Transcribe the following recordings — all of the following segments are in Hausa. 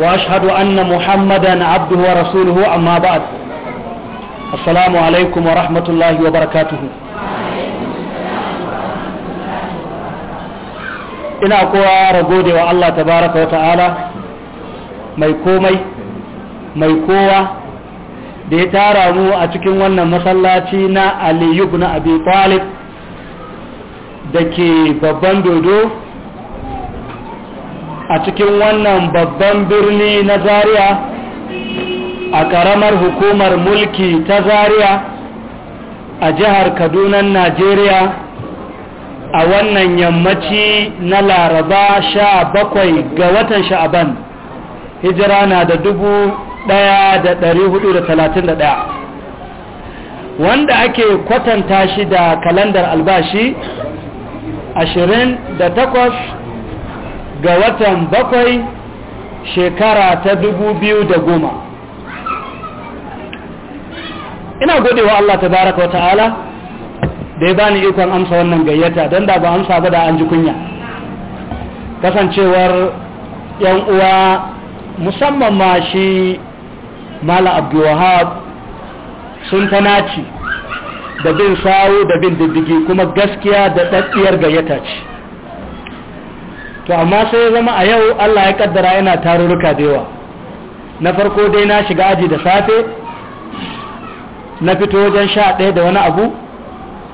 وأشهد أن محمدا عبده ورسوله أما بعد السلام عليكم ورحمة الله وبركاته ina kowa ragode wa Allah tabaraka wa ta'ala mai komai mai kowa da ya tara mu a cikin wannan masallaci na aliyu na abi talib da ke babban dodo a cikin wannan babban birni na zaria a ƙaramar hukumar mulki ta Zariya a jihar kaduna najeriya a wannan yammaci na laraba sha bakwai ga watan sha'aban hijira na da dubu ɗaya da ɗari hudu da talatin da ɗaya wanda ake kwatanta shi da kalandar albashi ashirin da takwas ga watan bakwai shekara ta dubu biyu da goma ina godewa Allah ta baraka wata'ala da ya bani ikon amsa wannan gayyata don da ba amsa ba da an ji kunya kasancewar yan uwa musamman ma shi mala abdullahab sun tanaci da bin sawu da bin diddigi kuma gaskiya da ɗaɗɗiyar gayyata ce to amma sai ya zama a yau Allah ya kaddara yana tarurruka da yawa na farko dai na shiga aji da safe na fito wajen sha ɗaya da wani abu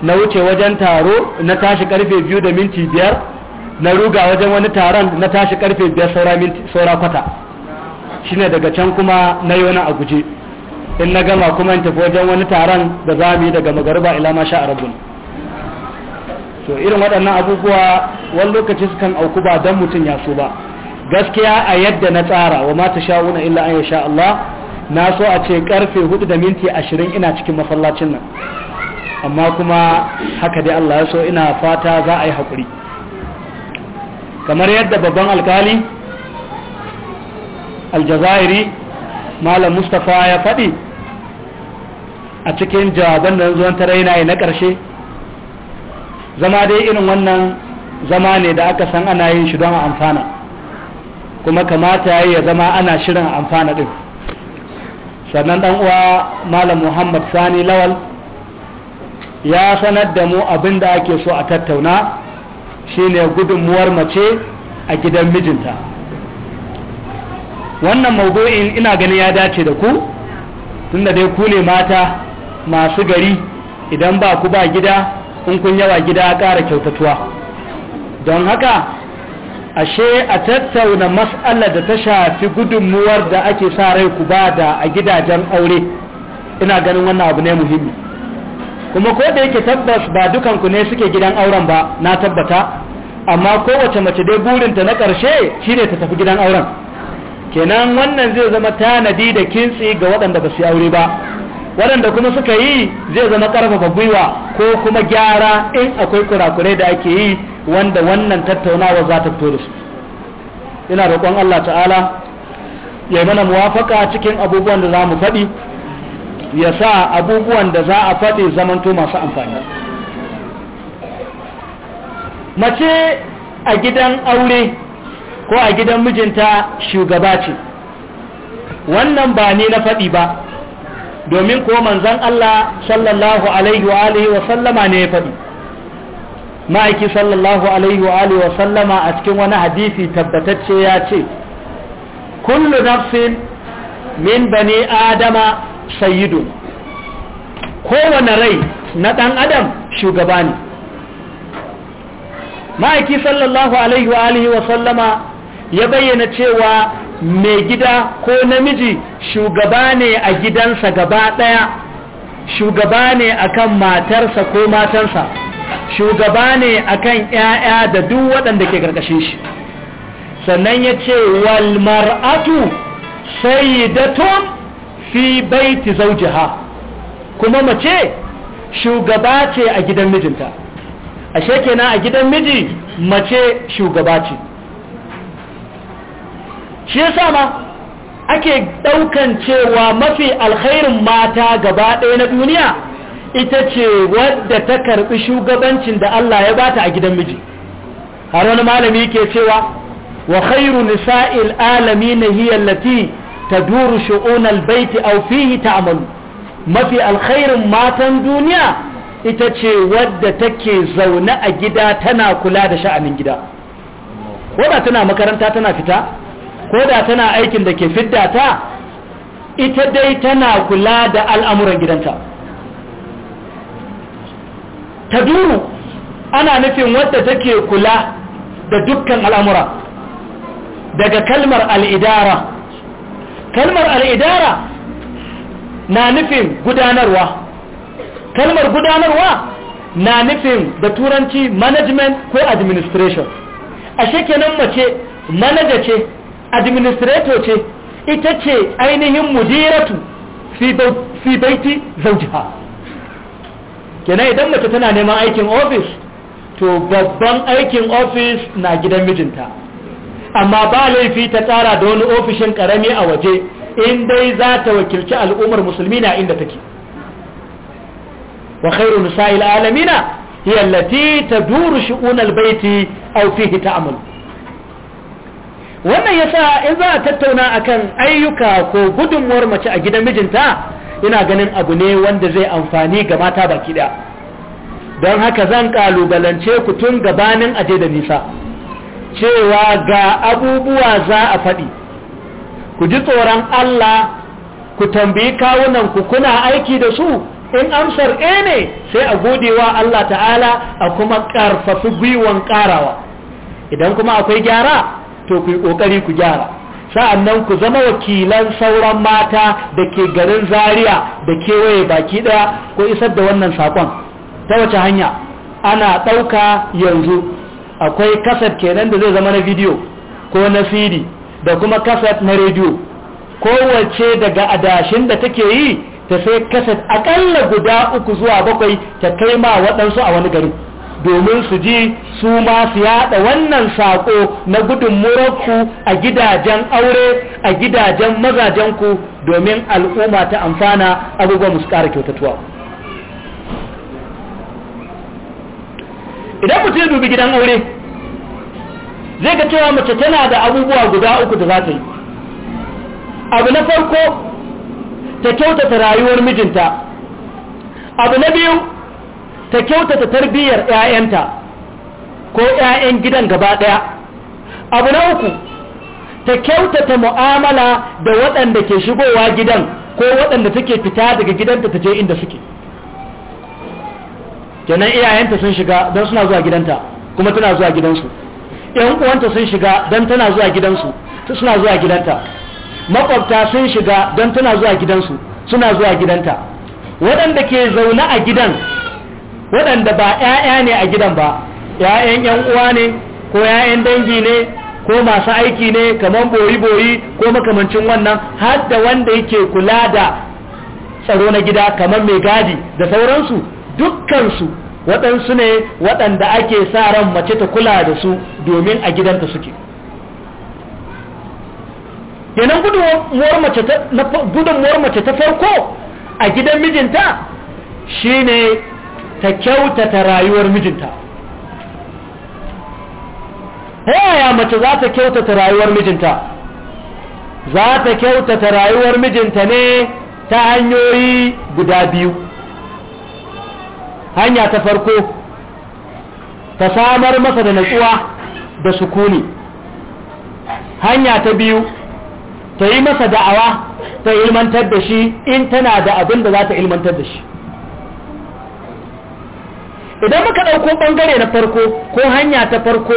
na wuce wajen taro na tashi karfe biyu da minti biyar na ruga wajen wani taron na tashi karfe biyar saura kwata shine daga can kuma na yi wani a in na gama kuma in tafi wajen wani taron da za mu yi daga magariba ila masha a to irin waɗannan abubuwa wani lokaci sukan auku ba don mutum ya so ba gaskiya a yadda na tsara wa mata sha'una illa an sha Allah na so a ce karfe hudu da minti ashirin ina cikin masallacin nan amma kuma haka dai Allah ya so ina fata za a yi haƙuri kamar yadda babban alkali aljazairi malam mustapha ya faɗi a cikin jawaban da zuwan taraina na ƙarshe zama dai irin wannan zama ne da aka san ana yin shi don a amfana kuma kamata ya yi ya zama ana shirin amfana din sannan ɗan uwa malam muhammad sani lawal ya sanar da mu abin da ake so a tattauna shine gudunmuwar mace a gidan mijinta wannan mabu'in ina ganin ya dace da ku tunda dai ku ne mata masu gari idan ba ku ba gida in kun yawa gida a ƙara kyautatuwa don haka ashe a tattauna mas'alar da ta shafi gudunmuwar da ake sa rai ku ba da a gidajen aure ina ganin wannan abu ne muhimmi kuma ko da yake tabbas ba dukanku ne suke gidan auren ba na tabbata amma kowace mace dai burinta na ƙarshe shine ta tafi gidan auren kenan wannan zai zama tanadi da kintsi ga waɗanda ba su yi aure ba waɗanda kuma suka yi zai zama ƙarfafa gwiwa ko kuma gyara in akwai kurakurai da ake yi wanda wannan tattaunawa za ta fito da su ina roƙon Allah ta'ala ya mana muwafaka cikin abubuwan da za mu faɗi ya sa abubuwan da za a faɗi zamanto masu amfani mace a gidan aure ko a gidan mijinta shugaba ce wannan ba ne na faɗi ba domin ko manzan Allah sallallahu alaihi wa alihi wa sallama ne ya faɗi ma'aiki sallallahu alaihi wa alihi wa sallama a cikin wani hadisi tabbatacce ya ce kullu nafsin min bani adama sayyidun kowane rai na ɗan adam shugaba ne ma'aiki sallallahu alaihi wa alihi wa sallama ya bayyana cewa mai gida ko namiji shugaba ne a gidansa gaba ɗaya shugaba ne akan matarsa ko matansa shugaba ne akan 'ya'ya da duk waɗanda ke ƙarƙashin shi sannan ya ce sai mar'atu sayyidatun fi baiti ha. kuma mace shugaba ce a gidan mijinta ashe kenan a gidan miji mace shugaba ce shi yasa ma ake daukan cewa mafi alkhairin mata gaba ɗaya na duniya ita ce wadda ta karbi shugabancin da Allah ya bata a gidan miji har wani malami yake cewa wa khairu nisa'il alamin hiya allati taduru shu'un albayt aw fihi ta'malu mafi alkhairin matan duniya ita ce wadda take zaune a gida tana kula da sha'anin gida wadda tana makaranta tana fita ko da tana aikin da ke fidda ta ita dai tana kula da al'amuran gidanta ta duru ana nufin wadda take kula da dukkan al'amura daga kalmar al'idara kalmar al'idara na nufin gudanarwa kalmar gudanarwa na nufin da turanci management ko administration a shekenan mace manaja ce administrator ce ita ce ainihin mudiratu fi baiti zaujiha kenan idan mace tana neman aikin ofis to babban aikin ofis na gidan mijinta amma ba laifi ta tsara da wani ofishin karami a waje in dai za ta wakilci al'ummar musulmi na inda take wa khairu nisa'il alamina hiya allati taduru shu'un al-baiti aw fihi ta'malu wannan ya sa in za a tattauna akan ayyuka ko gudunmuwar mace a gidan mijinta ina ganin abu ne wanda zai amfani ga mata baki da don haka zan kalubalance ku tun gabanin aje da nisa cewa ga abubuwa za a faɗi ku ji tsoron Allah ku tambayi kawunan ku kuna aiki da su in amsar e ne sai a wa Allah ta'ala a kuma ƙarfafi gwiwan ƙarawa idan kuma akwai gyara to ku yi kokari ku gyara sa'annan ku zama wakilan sauran mata da ke garin zaria da kewaye baki ɗaya ko isar da wannan sakon ta wace hanya ana ɗauka yanzu akwai kasar kenan da zai zama na bidiyo ko na cd da kuma kasar na rediyo kowace daga adashin da take yi ta sai kasar akalla guda uku zuwa bakwai ta kai ma waɗansu a wani garin domin su ji su ma su yada wannan sako na gudun murakku a gidajen aure a gidajen mazajenku domin al'umma ta amfana abubuwan musu ƙara kyautatuwa idan ku dubi gidan aure zai ga cewa mace tana da abubuwa guda uku da za ta yi abu na farko ta kyautata rayuwar mijinta abu na biyu ta kyautata tarbiyyar 'ya'yanta ko 'ya'yan gidan gaba ɗaya abu na uku ta kyautata mu'amala da waɗanda ke shigowa gidan ko waɗanda take fita daga gidanta ta je inda suke kenan iyayenta sun shiga don suna zuwa gidanta kuma tana zuwa gidansu ‘yan uwanta sun shiga don tana zuwa gidansu suna zuwa gidanta makwabta sun shiga don tana zuwa gidansu suna zuwa gidanta waɗanda ke zaune a gidan waɗanda ba 'ya'ya ne a gidan ba 'ya'yan 'yan uwa ne ko 'ya'yan dangi ne ko masu aiki ne kamar boyi-boyi ko makamancin wannan har da wanda yake kula da tsaro na gida kamar mai gadi da sauransu dukkansu waɗansu ne waɗanda ake sa ran mace ta kula da su domin a gidanta suke yanan gudunmuwar mace ta farko a gidan mijinta shine ta kyautata rayuwar mijinta ta yaya mace za ta kyautata rayuwar mijinta za ta kyautata rayuwar mijinta ne ta hanyoyi guda biyu hanya ta farko ta samar masa da natsuwa da sukuni hanya ta biyu ta yi masa da'awa ta ilmantar da shi in tana da abin da za ta ilmantar da shi idan muka ɗauko ɓangare na farko ko hanya ta farko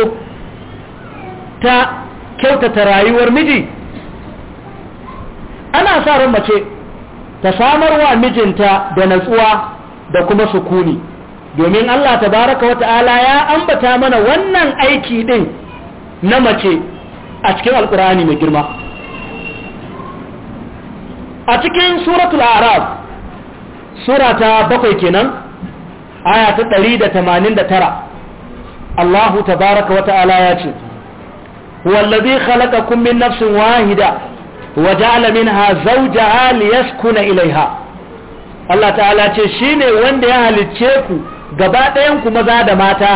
ta kyautata rayuwar miji ana sa ran mace ta samarwa mijinta da natsuwa da kuma sukuni domin Allah Ta baraka ta'ala ya ambata mana wannan aiki ɗin na mace a cikin alkurani mai girma a cikin suratul arab surata bakwai kenan aya ta tara. Allahu tabaraka wa ta'ala ya ce wallazi khalaqakum min nafsin wahida wa ja'ala minha zawjaha liyaskuna ilaiha Allah ta'ala ce shine wanda ya halicce ku gaba ɗayan ku maza da mata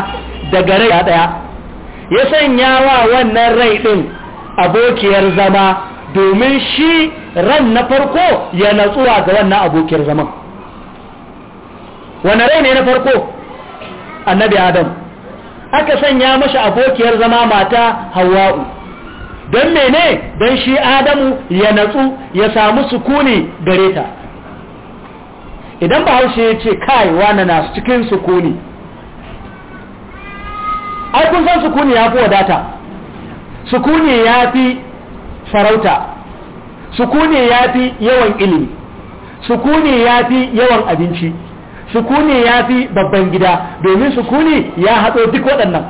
daga rai daya ya sanya wa wannan rai din abokiyar zama domin shi ran na farko ya natsuwa ga wannan abokiyar zaman wani rai ne na farko annabi adam aka sanya mashi abokiyar zama mata hawa'u don mene don shi adamu ya natsu ya samu sukuni gare ta idan bahaushe ya ce kai wani nasu cikin sukuni ai san sukuni ya fi wadata sukuni ya fi farauta sukuni ya fi yawan ilimi sukuni ya fi yawan abinci sukuni ya fi babban gida domin sukuni ya haɗo duk waɗannan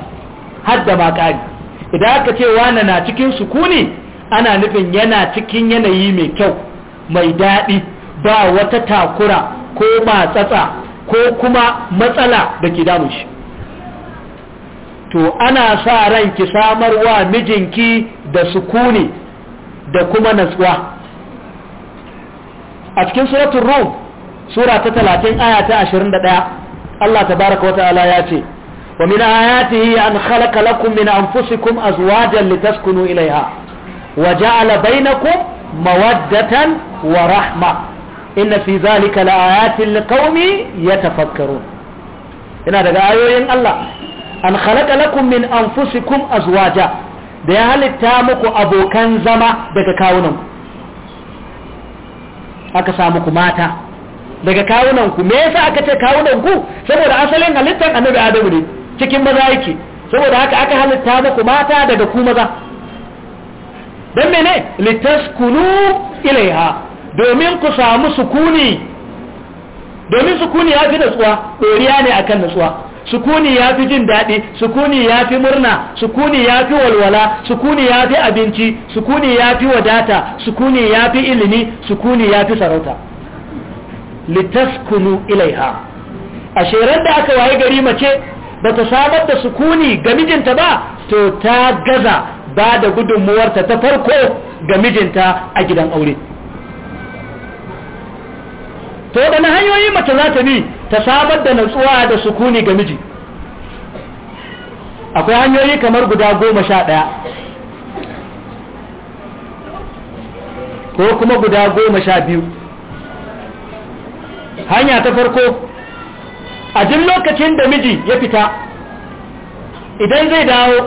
har da maƙari idan aka ce wane na cikin sukuni ana nufin yana cikin yanayi mai kyau mai daɗi ba wata takura ko matsatsa ko kuma matsala da ke damun shi to ana sa ran ki samar wa mijinki da sukuni da kuma natsuwa a cikin suratun rum sura ta 30 aya ta ɗaya Allah tabaraka ala ya ce wa min ayatihi an khalaqa lakum min anfusikum azwajan litaskunu ilayha wa ja'ala bainakum mawaddatan wa rahma inna fi dhalika laayatin liqaumin yatafakkarun ina daga ayoyin Allah an khalaqa lakum min anfusikum azwaja da ya halitta muku abokan zama daga kawunan aka samu ku mata daga kawunanku me yasa aka ce ku? saboda asalin halittar annabi adamu ne cikin maza yake saboda haka aka halitta muku mata daga ku maza Dan mene litaskunu ilaiha domin ku samu sukuni domin sukuni ya fi natsuwa ɗoriya ne akan natsuwa sukuni ya fi jin daɗi sukuni ya fi murna sukuni ya fi walwala sukuni ya fi abinci sukuni ya fi wadata sukuni ya fi ilimi sukuni ya fi sarauta litaskunu ilaiha a shirar da aka waye gari mace ba ta samar da sukuni ga mijinta ba to ta gaza ba da gudunmuwarta ta farko ga mijinta a gidan aure to na hanyoyi mace za ta bi ta samar da natsuwa da sukuni ga miji akwai hanyoyi kamar guda goma sha ɗaya ko kuma guda goma sha biyu hanya ta farko a duk lokacin da miji ya fita idan zai dawo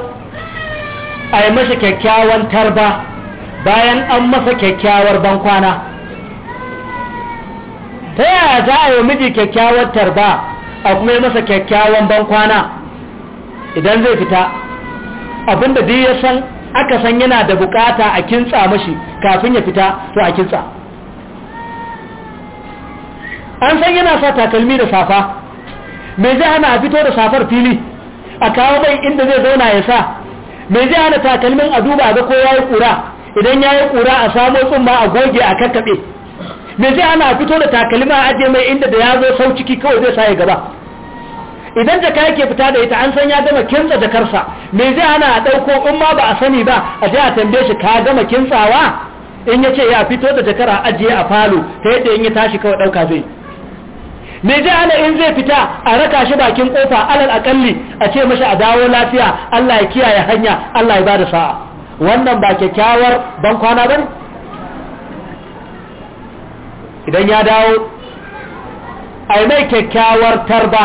a yi masa kyakkyawan tarba bayan an masa kyakkyawar bankwana ta yaya za a yi miji kyakkyawar tarba a kuma yi masa kyakkyawan bankwana idan zai fita abinda duk ya san aka san yana da bukata a kintsa mashi kafin ya fita to a kintsa an san yana sa takalmi da safa mai zai hana a fito da safar fili a kawo bai inda zai zauna ya sa mai zai hana takalmin a duba ga ko ya yi kura idan ya yi kura a samo tsumma a goge a kakkaɓe mai zai hana a fito da takalmi a ajiye mai inda da ya zo sau ciki kawai zai sa ya gaba idan jaka yake fita da ita an san ya gama kintsa jakarsa mai zai hana a ɗauko in ba a sani ba a je a tambaye shi ka gama kintsawa in ya ce ya fito da jakar a ajiye a falo ta yadda in ya tashi kawai ɗauka zai me ala in zai fita a raka shi bakin kofa alal akalli a ce mashi a dawo lafiya Allah ya kiyaye hanya Allah ya bada sa'a wannan ba kyakkyawar ban kwana bane idan ya dawo ai mai kyakkyawar tarba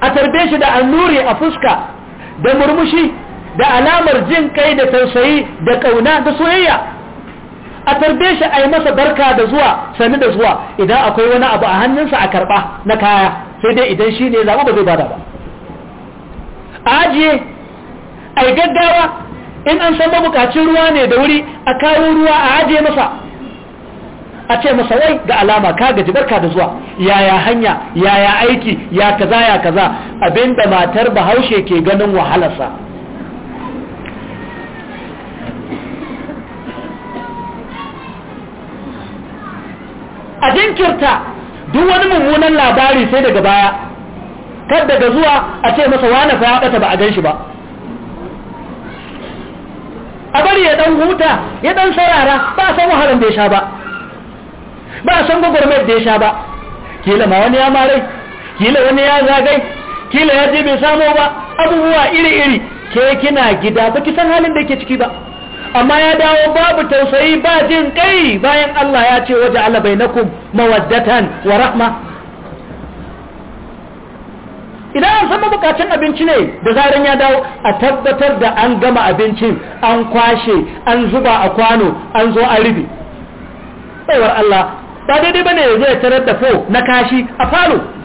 a tarbe shi da annuri a fuska da murmushi da alamar jin kai da tausayi da kauna da soyayya a tarbe shi a yi masa barka da zuwa sani da zuwa idan akwai wani abu a hannunsa a karɓa na kaya sai dai idan shi ne zaɓa ba zai bada ba a ajiye a yi gaggawa in an san mabukacin ruwa ne da wuri a kawo ruwa a ajiye masa a ce masa wai ga alama ka gaji barka da zuwa yaya hanya yaya aiki ya kaza ya kaza abinda matar bahaushe ke ganin wahalarsa jinkirta duk wani mummunan labari sai daga baya kar daga zuwa a ce masa wani fa ya bata ba a gan shi ba a bari ya dan huta ya dan sarara ba a san wahalar da ya sha ba ba a san gwagwarmayar da ya sha ba kila ma wani ya marai kila wani ya zagai kila ya je bai samo ba abubuwa iri-iri ke kina gida ba ki san halin da ke ciki ba amma ya dawo babu tausayi ba jin kai bayan Allah ya ce waje Allah bainakum mawaddatan wa rahma idan an san mabukacin abinci ne da zaran ya dawo a tabbatar da an gama abincin an kwashe an zuba a kwano an zo an ribi tsawar Allah ba daidai bane ya zai tarar da fo na kashi a falo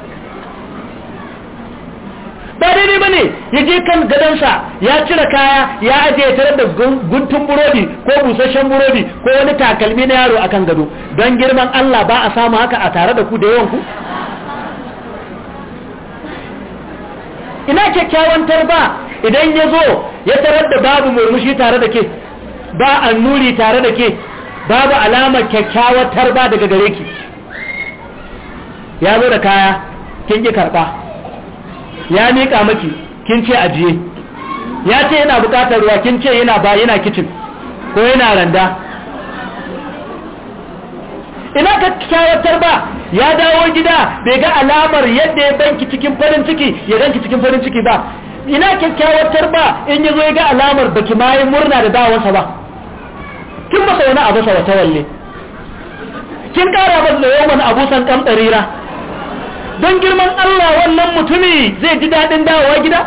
ba daidai ba ne ya je kan gadonsa ya cire kaya ya ajiye tarar da guntun burodi ko busasshen burodi ko wani takalmi na yaro akan gado don girman Allah ba a samu haka a tare da ku da yawanku ina kyakkyawan tarba idan ya zo ya tarar da babu murmushi tare da ke ba annuri tare da ke babu alamar kyakkyawar tarba daga gare ki ya zo da kaya kin ki karba ya miƙa maki kin ce ajiye ya ce yana buƙatar ruwa kin ce yana ba yana kicin ko yana randa ina ka kyawatar ba ya dawo gida bai ga alamar yadda ya banki cikin farin ciki ya ganki cikin farin ciki ba ina kyakkyawar ba in ya zo ya ga alamar baki ma yi murna da dawarsa ba kin masa wani abu sa wata walle kin kara masa da yawan abusan kan tsarira don girman Allah wannan mutumi zai ji daɗin dawowa gida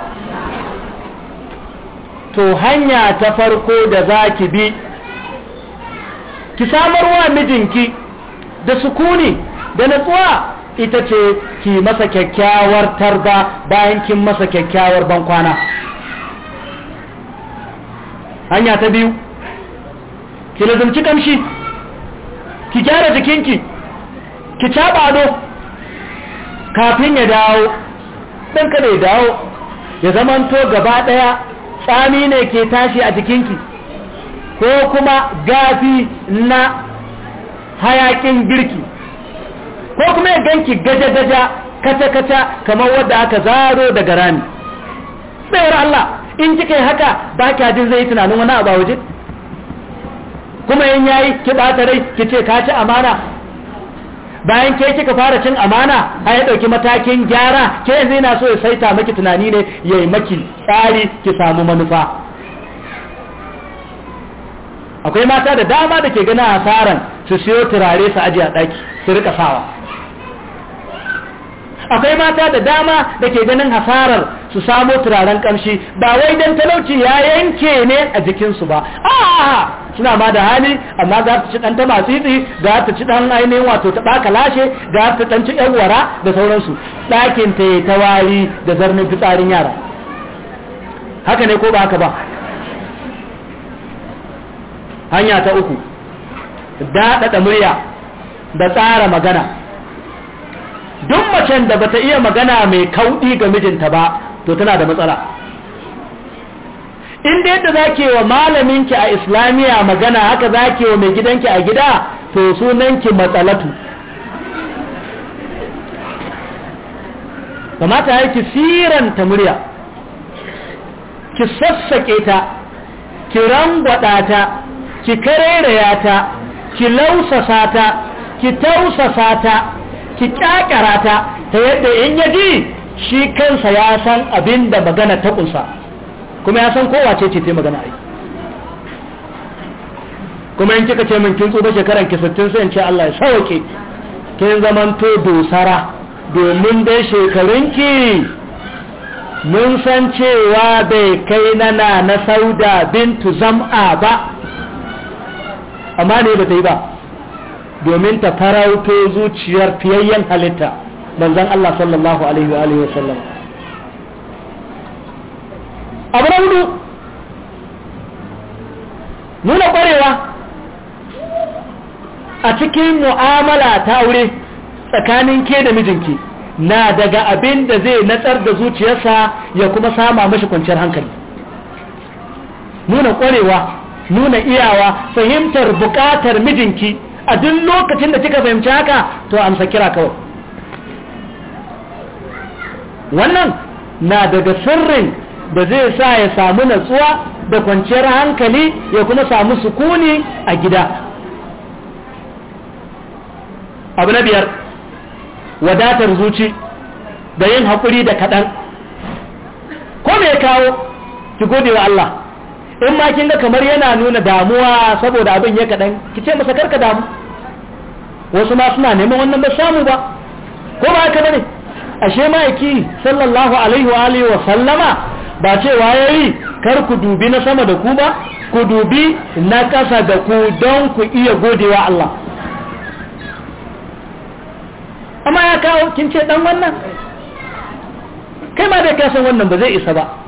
to hanya ta farko da za ki bi ki samar wa mijinki da sukuni da natsuwa ita ce ki masa kyakkyawar tarba bayan kin masa kyakkyawar bankwana hanya ta biyu ki lazumci kamshi ki gyara jikinki ki caba ado kafin ya dawo ɗan kada ya dawo ya zamanto gaba ɗaya tsami ne ke tashi a jikinki ko kuma gafi na hayakin girki ko kuma ya ganki gaja-gaja kaca-kaca kamar wadda aka zaro daga rami tsayar Allah in kika haka ba kya jin zai tunanin wani abu kuma in yayi ki ɓata rai ki ce ka ci amana bayan ke kika fara cin amana a ya ɗauki matakin gyara ke yanzu yana so ya saita maki tunani ne ya yi maki tsari ki samu manufa akwai mata da dama da ke gana hasaran su siyo turare su ajiye a ɗaki su rika sawa akwai mata da dama da ke ganin hasarar su samo turaren ƙamshi ba wai don talauci ya yanke ne a jikinsu ba a suna ba da hali amma za ta ci dan ta masitsi za ta ci dan ainihin wato ta baka lashe za ta dan ci yan wara da sauransu ɗakin ta yi ta wari da zarnin fitsarin yara haka ne ko ba haka ba hanya ta uku daɗaɗa murya da tsara magana duk macen da bata iya magana mai kauɗi ga mijinta ba to tana da matsala In dai yadda zake wa malamin ki a islamiya magana haka zake wa mai gidanki a gida to sunan ki matsalatu kamata yi ki siranta murya ki sassaƙe ta ki rangwada ta ki karairaya ta ki lausasa ta ki tausasa ta ki kyakara ta ta yadda in yaji shi kansa ya san abin da magana ta ƙusa. kuma ya san kowa ce ce ta magana ai kuma in kika ce min kin tsufa shekaran ki sai in ce Allah ya sauke kin zamanto dosara domin dai shekarunki mun san cewa bai kai nana na sauda bintu zam'a ba amma ne ba ta yi ba domin ta farauto zuciyar fiyayyen halitta manzan Allah sallallahu alaihi wa sallam abu na hudu nuna kwarewa a cikin mu'amala ta aure tsakanin ke da mijinki na daga abin da zai natsar da zuciyarsa ya kuma sama mashi kwanciyar hankali nuna kwarewa nuna iyawa fahimtar buƙatar mijinki a duk lokacin da kika fahimci haka to amsa kira kawai wannan na daga sirrin da zai sa ya samu natsuwa da kwanciyar hankali ya kuma samu sukuni a gida abu na biyar wadatar zuci da yin haƙuri da kaɗan ko me kawo ki gode wa Allah in ma kin ga kamar yana nuna damuwa saboda abin ya kaɗan ki ce masa karka damu wasu ma suna neman wannan ba samu ba ko ba haka ne ashe ma'aiki sallallahu alaihi wa wa sallama ba cewa ya yi kar ku dubi na sama da ku ba ku dubi na kasa da ku don ku iya godewa Allah amma ya kawo kin ce dan wannan kai ma da kasan wannan ba zai isa ba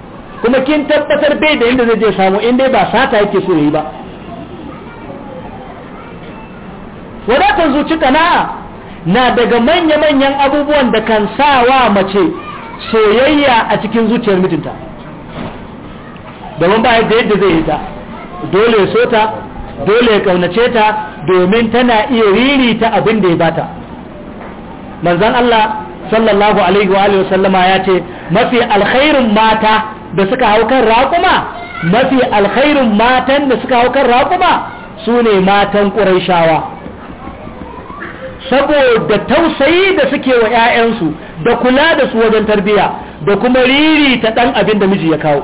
kuma kin tabbatar bai da inda zai je samu inda ba sata yake so yi ba wadatar zuci kana'a na daga manya-manyan abubuwan da kan sa wa mace soyayya a cikin zuciyar mijinta domin ba yadda yadda zai yi ta dole ya so ta dole ya kaunace ta domin tana iya riri ta abin da ya bata manzan Allah sallallahu alaihi wa alihi wasallama ya ce mafi alkhairun mata da suka hau kan raƙuma mafi alkhairin matan da suka hau kan raƙuma su ne matan ƙuraishawa saboda tausayi da suke wa 'ya'yansu da kula da su wajen tarbiyya da kuma riri ta ɗan abin da miji ya kawo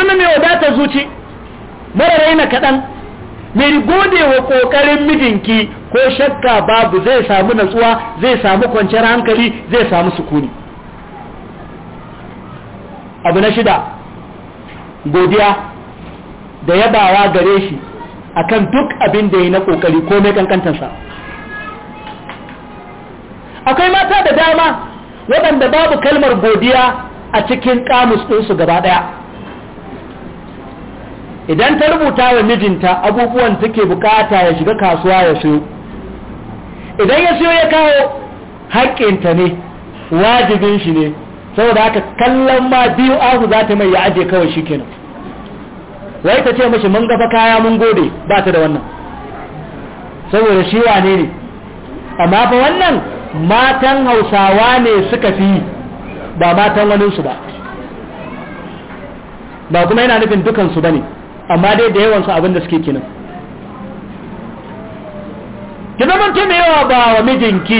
yanzu na mai wadatar zuci mara raina kaɗan mai gode wa ƙoƙarin mijinki ko shakka babu zai samu natsuwa zai samu kwanciyar hankali zai samu sukuni abu na shida godiya da yabawa gare shi akan duk abin da ya na ƙoƙari ko mai ƙanƙantansa. akwai mata da dama waɗanda babu kalmar godiya a cikin ƙamus ɗinsu gaba ɗaya idan ta rubuta wa mijinta abubuwan take bukata ya shiga kasuwa ya siyo idan ya siyo ya kawo haƙƙinta ne wajibin shi ne saboda haka kallon ma biyu ahu za ta mai ya aje kawai shi kenan wai ta ce mashi mun gafa kaya mun gode ba ta da wannan saboda shi wane ne amma fa wannan matan hausawa ne suka fi ba matan waninsu ba ba kuma yana nufin dukansu ba ne amma dai da yawan su abin suke kenan ki zaman ta yawa ba wa mijinki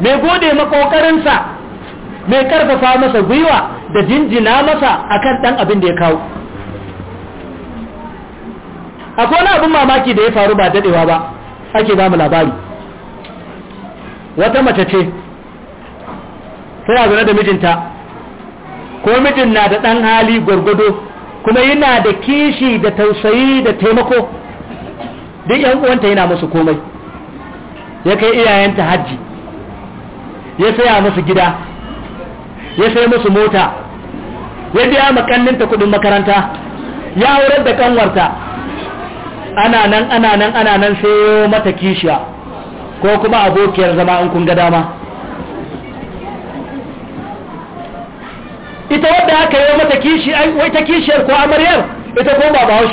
mai gode makokarinsa mai karfafa masa gwiwa da jinjina masa akan dan abin da ya kawo akwai wani abin mamaki da ya faru ba dadewa ba ake ba mu labari wata mace ce tana zaune da mijinta ko mijin na da dan hali gwargwado kuma yana da kishi da tausayi da taimako duk yan uwanta yana musu komai ya kai iyayenta hajji ya saya musu gida ya sai musu mota ya biya makanninta kudin makaranta ya aurar da kanwarta ana nan ana nan ana nan sai mata kishiya ko kuma abokiyar zama in kun ga dama ita wadda aka yi mata kishi ita kishiyar ko amaryar ita ko ba ba